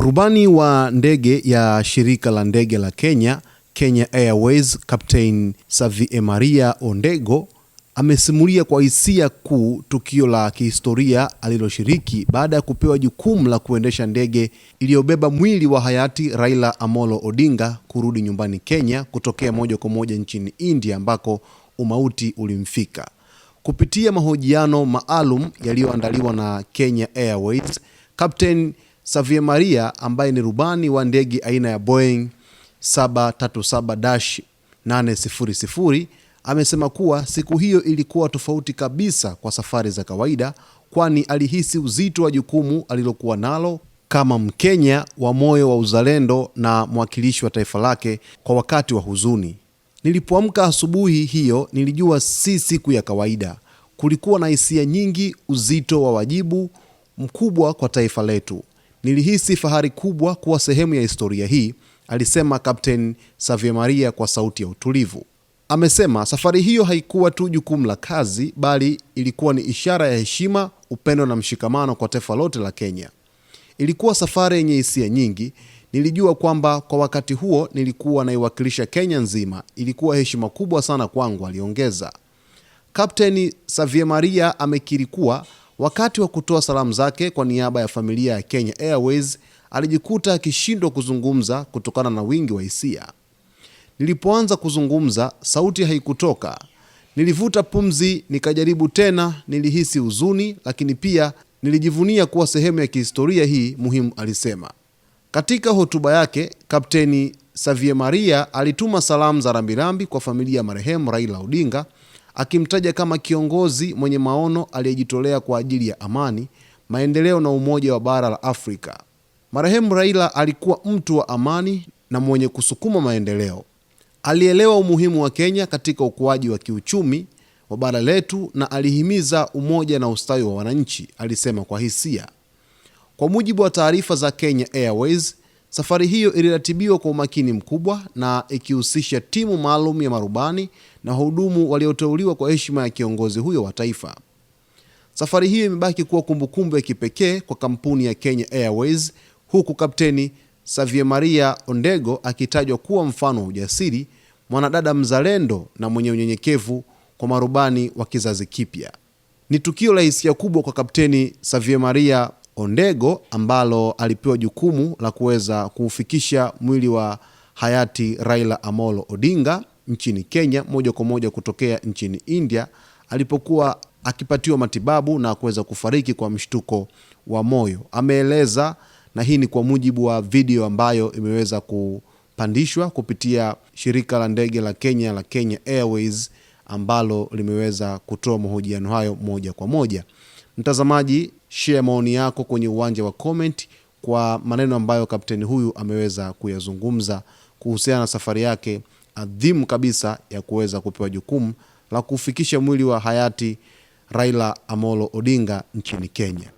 Rubani wa ndege ya shirika la ndege la Kenya, Kenya Airways, Captain Savie Maria Ondego amesimulia kwa hisia kuu tukio la kihistoria aliloshiriki baada ya kupewa jukumu la kuendesha ndege iliyobeba mwili wa hayati Raila Amolo Odinga kurudi nyumbani Kenya kutokea moja kwa moja nchini India ambako umauti ulimfika. Kupitia mahojiano maalum yaliyoandaliwa na Kenya Airways, Captain Xavier Maria ambaye ni rubani wa ndege aina ya Boeing 737-800 amesema kuwa siku hiyo ilikuwa tofauti kabisa kwa safari za kawaida, kwani alihisi uzito wa jukumu alilokuwa nalo kama Mkenya wa moyo wa uzalendo na mwakilishi wa taifa lake kwa wakati wa huzuni. Nilipoamka asubuhi hiyo, nilijua si siku ya kawaida. Kulikuwa na hisia nyingi, uzito wa wajibu mkubwa kwa taifa letu. Nilihisi fahari kubwa kuwa sehemu ya historia hii, alisema savie maria kwa sauti ya utulivu. Amesema safari hiyo haikuwa tu jukumu la kazi, bali ilikuwa ni ishara ya heshima, upendo na mshikamano kwa taifa lote la Kenya. Ilikuwa safari yenye hisia nyingi. Nilijua kwamba kwa wakati huo nilikuwa naiwakilisha Kenya nzima. Ilikuwa heshima kubwa sana kwangu, aliongeza. Kapteni maria amekiri kuwa Wakati wa kutoa salamu zake kwa niaba ya familia ya Kenya Airways, alijikuta akishindwa kuzungumza kutokana na wingi wa hisia. Nilipoanza kuzungumza, sauti haikutoka. Nilivuta pumzi, nikajaribu tena. Nilihisi huzuni, lakini pia nilijivunia kuwa sehemu ya kihistoria hii muhimu, alisema. Katika hotuba yake, Kapteni Savie Maria alituma salamu za rambirambi kwa familia ya marehemu Raila Odinga akimtaja kama kiongozi mwenye maono aliyejitolea kwa ajili ya amani, maendeleo na umoja wa bara la Afrika. Marehemu Raila alikuwa mtu wa amani na mwenye kusukuma maendeleo. Alielewa umuhimu wa Kenya katika ukuaji wa kiuchumi wa bara letu na alihimiza umoja na ustawi wa wananchi, alisema kwa hisia. Kwa mujibu wa taarifa za Kenya Airways, safari hiyo iliratibiwa kwa umakini mkubwa na ikihusisha timu maalum ya marubani na wahudumu walioteuliwa kwa heshima ya kiongozi huyo wa taifa. Safari hiyo imebaki kuwa kumbukumbu ya kipekee kwa kampuni ya Kenya Airways, huku Kapteni Savie Maria Ondego akitajwa kuwa mfano wa ujasiri, mwanadada mzalendo na mwenye unyenyekevu kwa marubani wa kizazi kipya. Ni tukio la hisia kubwa kwa Kapteni Savie Maria Ondego ambalo alipewa jukumu la kuweza kuufikisha mwili wa hayati Raila Amolo Odinga nchini Kenya moja kwa moja kutokea nchini India alipokuwa akipatiwa matibabu na kuweza kufariki kwa mshtuko wa moyo. Ameeleza, na hii ni kwa mujibu wa video ambayo imeweza kupandishwa kupitia shirika la ndege la Kenya la Kenya Airways ambalo limeweza kutoa mahojiano hayo moja kwa moja. Mtazamaji, share maoni yako kwenye uwanja wa comment kwa maneno ambayo kapteni huyu ameweza kuyazungumza kuhusiana na safari yake adhimu kabisa ya kuweza kupewa jukumu la kufikisha mwili wa hayati Raila Amolo Odinga nchini Kenya.